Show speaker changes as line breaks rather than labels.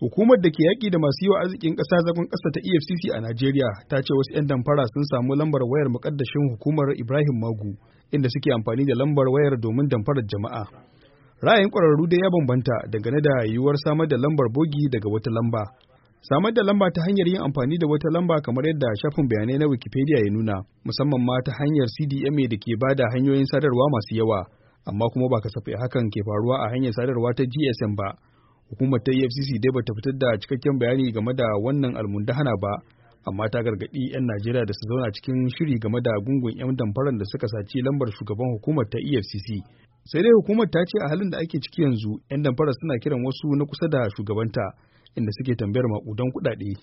Hukumar da ke yaƙi da masu yi wa arzikin ƙasa zagon ƙasa ta EFCC a Najeriya ta ce wasu 'yan damfara sun samu lambar wayar muƙaddashin hukumar Ibrahim Magu inda suke amfani da lambar wayar domin damfarar jama'a. Ra'ayin ƙwararru dai ya bambanta dangane da yiwuwar samar da lambar bogi daga wata lamba. Samar da lamba ta hanyar yin amfani da wata lamba kamar yadda shafin bayanai na Wikipedia ya nuna, musamman ma ta hanyar CDMA da ke bada hanyoyin sadarwa masu yawa, amma kuma ba kasafai hakan ke faruwa a hanyar sadarwa ta GSM ba. hukumar ta efcc dai bata fitar da cikakken bayani game da wannan almundahana ba amma ta gargaɗi 'yan najeriya da su zauna cikin shiri game da gungun 'yan damfaran da suka saci lambar shugaban hukumar ta efcc sai dai hukumar ta ce a halin da ake ciki yanzu 'yan damfara suna kiran wasu na kusa da shugabanta inda suke tambayar maƙudan kuɗaɗe